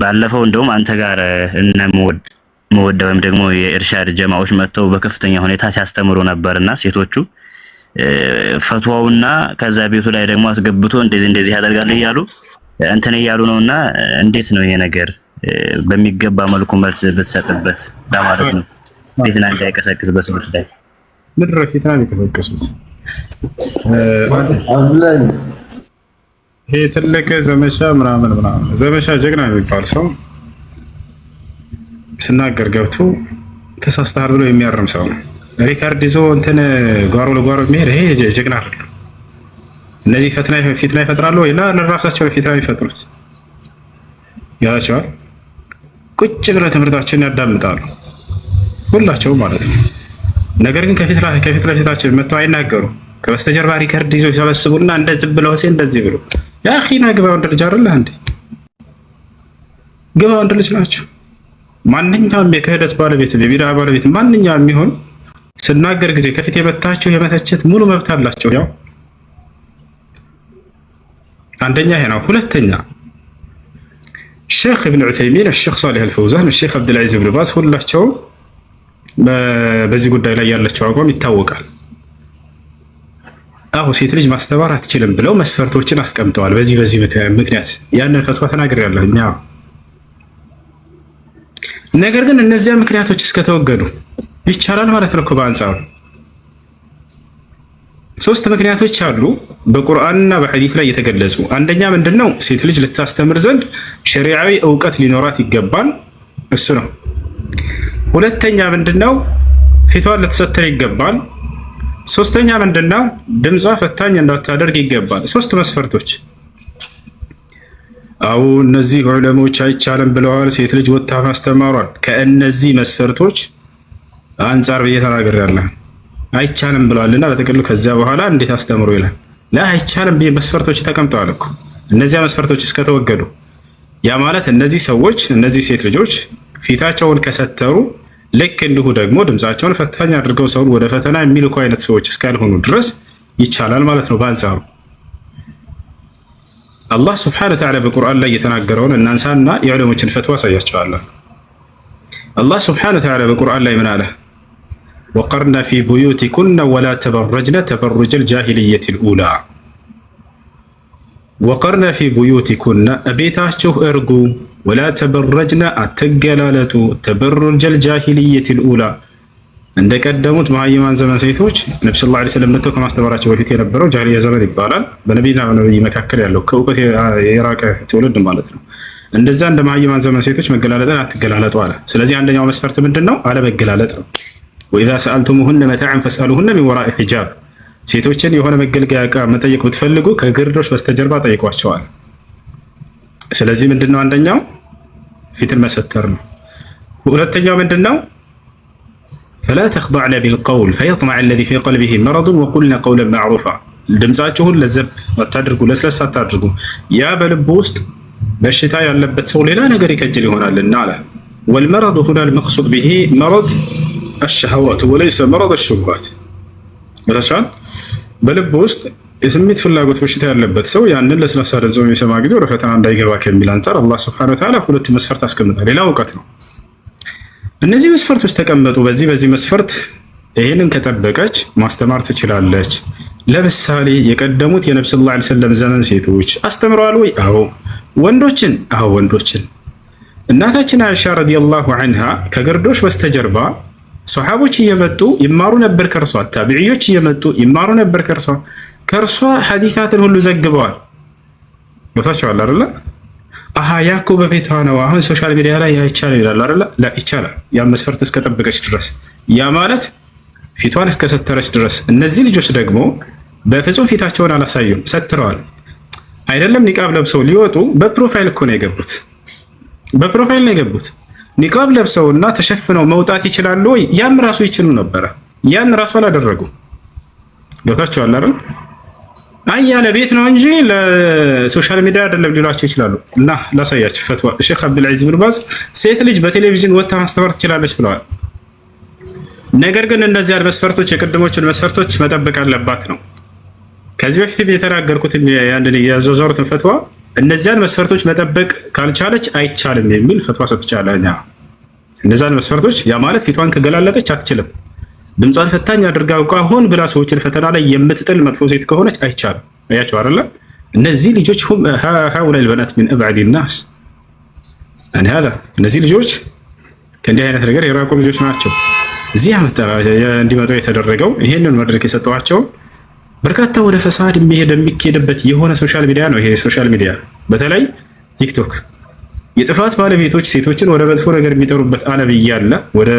ባለፈው እንደውም አንተ ጋር እነ መወደ ወይም ደግሞ የእርሻድ ጀማዎች መጥተው በከፍተኛ ሁኔታ ሲያስተምሩ ነበርና ሴቶቹ ፈትዋውና ከዛ ቤቱ ላይ ደግሞ አስገብቶ እንደዚህ እንደዚህ ያደርጋል እያሉ እንትን እያሉ ነውና፣ እንዴት ነው ይሄ ነገር በሚገባ መልኩ መልስ ብትሰጥበት ለማለት ነው። ፊትና እንዳይቀሰቅስ በሰዎች ላይ ምድረ ፊትና ነው አብለዝ ይሄ ትልቅ ዘመቻ ምናምን ምናምን ዘመቻ ጀግና የሚባል ሰው ስናገር ገብቶ ተሳስተሃል ብሎ የሚያርም ሰው ነው። ሪካርድ ይዞ እንትን ጓሮ ለጓሮ የሚሄድ ይሄ ጀግና አይደለም። እነዚህ ፈትና ፊትና ይፈጥራሉ ወይ? ለራሳቸው ፊትና የሚፈጥሩት ያላቸዋል ቁጭ ብለ ትምህርታችን ያዳምጣሉ ሁላቸውም ማለት ነው። ነገር ግን ከፊት ለፊታችን መጥተው አይናገሩ። ከበስተጀርባ ሪከርድ ይዞ ይሰበስቡና እንደዚህ ብለው ሴ እንደዚህ ብሎ ያ ኺና ግባ ወንድ ልጅ አይደለ እንዴ? ግባ ወንድ ልጅ ናችሁ። ማንኛውም የክህደት ባለቤት የቢዳ ባለቤት ማንኛውም የሚሆን ስናገር ጊዜ ከፊት የመታችሁ የመተቸት ሙሉ መብት አላቸው። ያው አንደኛ ይሄ ነው። ሁለተኛ ሼክ እብን ዑሰይሚን፣ ሼክ ሳሊህ አልፈውዛን፣ ሼክ አብዱልዓዚዝ ብን ባዝ ሁላቸው በዚህ ጉዳይ ላይ ያላቸው አቋም ይታወቃል። አዎ ሴት ልጅ ማስተማር አትችልም ብለው መስፈርቶችን አስቀምጠዋል። በዚህ በዚህ ምክንያት ያንን ፈትዋ ተናግሬያለሁ ነገር ግን እነዚያ ምክንያቶች እስከተወገዱ ይቻላል ማለት ነው። በአንጻሩ ሶስት ምክንያቶች አሉ በቁርአንና በሐዲስ ላይ የተገለጹ። አንደኛ ምንድን ነው? ሴት ልጅ ልታስተምር ዘንድ ሸሪዓዊ እውቀት ሊኖራት ይገባል። እሱ ነው። ሁለተኛ ምንድን ነው? ፊቷን ልትሰትር ይገባል። ሶስተኛ ምንድነው? ድምጿ ፈታኝ እንዳታደርግ ይገባል። ሶስት መስፈርቶች አዎ እነዚህ ዑለሞች አይቻልም ብለዋል። ሴት ልጅ ወታ ማስተማሯል። ከእነዚህ መስፈርቶች አንጻር ብዬ ያለ አይቻልም ብለዋልና በጥቅሉ ከዚያ በኋላ እንዴት አስተምሩ ይላል። ላ አይቻልም ብዬ መስፈርቶች ተቀምጠዋል እኮ እነዚያ መስፈርቶች እስከተወገዱ ያ ማለት እነዚህ ሰዎች እነዚህ ሴት ልጆች ፊታቸውን ከሰተሩ ልክ እንዲሁ ደግሞ ድምፃቸውን ፈታኝ አድርገው ሰውን ወደ ፈተና የሚልኩ አይነት ሰዎች እስካልሆኑ ድረስ ይቻላል ማለት ነው። በአንጻሩ አላህ ስብሐነ ወተዓላ በቁርአን ላይ የተናገረውን እናንሳና የዑለሞችን ፈትዋ አሳያቸዋለሁ። አላህ ስብሐነ ወተዓላ በቁርአን ላይ ምን አለ? ወቀርና ፊ ቡዩቲኩና ወላ ተበረጅነ ተበሩጀል ጃሂልየቲል ኡላ ወቀርና ፊ ቡዩቲኩና እቤታችሁ እርጉ ወላ ተበረጅነ አትገላለጡ ተበሩጀል ጃሂልየት ልኡላ እንደቀደሙት መሀይማን ዘመን ሴቶች ነቢ ስ ላ ስለም መጥተው ከማስተማራቸው በፊት የነበረው ጃሂልያ ዘመን ይባላል። በነቢና በነቢይ መካከል ያለው ከእውቀት የራቀ ትውልድ ማለት ነው። እንደዛ እንደ መሀይማን ዘመን ሴቶች መገላለጠን አትገላለጡ አለ። ስለዚህ አንደኛው መስፈርት ምንድን ነው? አለመገላለጥ ነው። ወኢዛ ሰአልቱሙሁነ መታዕን ፈስአሉሁነ ሚን ወራኢ ሒጃብ ሴቶችን የሆነ መገልገያ ዕቃ መጠየቅ ብትፈልጉ ከግርዶሽ በስተጀርባ ጠይቋቸዋል። ስለዚህ ምንድነው አንደኛው ፊትን መሰተር ነው። ሁለተኛው ምንድነው فلا تخضعن بالقول فيطمع الذي في قلبه مرض وقلنا قولا معروفا ድምጻችሁን ለዘብ አታድርጉ፣ ለስለስ አታድርጉ። ያ በልቡ ውስጥ በሽታ ያለበት ሰው ሌላ ነገር ይከጅል ይሆናልና አለ። ወልመረዱ ሁና ልመቅሱድ ብሂ መረድ አሸሃዋት ወለይሰ መረድ አሽቡሃት በልብ ውስጥ የስሜት ፍላጎት በሽታ ያለበት ሰው ያንን ለስላሳ ደንጾ የሚሰማ ጊዜ ወደ ፈተና እንዳይገባ ከሚል አንጻር አላህ ስብሐነ ወተዓላ ሁለት መስፈርት አስቀምጣል። ሌላ እውቀት ነው። እነዚህ መስፈርቶች ተቀመጡ። በዚህ በዚህ መስፈርት ይህንን ከጠበቀች ማስተማር ትችላለች። ለምሳሌ የቀደሙት የነብስ ላ ሰለም ዘመን ሴቶች አስተምረዋል ወይ? አዎ። ወንዶችን? አዎ፣ ወንዶችን። እናታችን አይሻ ረዲየላሁ አንሃ ከግርዶሽ በስተጀርባ ሰሓቦች እየመጡ ይማሩ ነበር ከርሷ። ታቢዕዮች እየመጡ ይማሩ ነበር ከርሷ ከእርሷ ሐዲታትን ሁሉ ዘግበዋል። ቦታቸዋል አለ አሀ ያኮ በቤቷ ነው። አሁን ሶሻል ሚዲያ ላይ አይቻልም ይላል አለ ይቻላል። ያ መስፈርት እስከጠበቀች ድረስ ያ ማለት ፊቷን እስከሰተረች ድረስ። እነዚህ ልጆች ደግሞ በፍጹም ፊታቸውን አላሳዩም፣ ሰትረዋል። አይደለም ኒቃብ ለብሰው ሊወጡ በፕሮፋይል እኮ ነው የገቡት። በፕሮፋይል ነው የገቡት። ኒቃብ ለብሰውና ተሸፍነው መውጣት ይችላሉ ወይ? ያም ራሱ ይችሉ ነበረ። ያን ራሱ አላደረጉ። ገብታችኋል አይደል? አያ ለቤት ነው እንጂ ለሶሻል ሚዲያ አይደለም ሊሏቸው ይችላሉ። እና ላሳያቸው ፈትዋ ሼክ አብዱልዓዚዝ ብን ባዝ ሴት ልጅ በቴሌቪዥን ወጥታ ማስተማር ትችላለች ብለዋል። ነገር ግን እነዚያን መስፈርቶች የቅድሞችን መስፈርቶች መጠበቅ አለባት ነው። ከዚህ በፊት የተናገርኩትም ያንን የዞዘሩትን ፈትዋ እነዚያን መስፈርቶች መጠበቅ ካልቻለች አይቻልም የሚል ፈትዋ ሰጥቻለሁ። እነዚያን መስፈርቶች ያ ማለት ፊቷን ከገላለጠች አትችልም። ድምጿን ፈታኝ አድርጋ አውቃ ሆን ብላ ሰዎችን ፈተና ላይ የምትጥል መጥፎ ሴት ከሆነች አይቻልም። አያቸው አይደለ? እነዚህ ልጆች ሁም ሀውላይ ልበናት ምን አብዓድ ናስ እነዚህ ልጆች ከእንዲህ አይነት ነገር የራቁ ልጆች ናቸው። እዚህ ዓመት እንዲመጡ የተደረገው ይሄንን መድረክ የሰጠዋቸው በርካታ ወደ ፈሳድ የሚሄድ የሚሄድበት የሆነ ሶሻል ሚዲያ ነው። ይሄ ሶሻል ሚዲያ በተለይ ቲክቶክ የጥፋት ባለቤቶች ሴቶችን ወደ መጥፎ ነገር የሚጠሩበት አለብ እያለ ወደ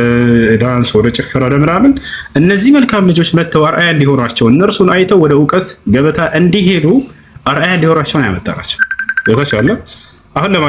ዳንስ፣ ወደ ጭፈራ፣ ወደ ምናምን እነዚህ መልካም ልጆች መጥተው አርአያ እንዲሆኗቸው እነርሱን አይተው ወደ እውቀት ገበታ እንዲሄዱ አርአያ እንዲሆኗቸውን ያመጣናቸው ቦታቸው አለ አሁን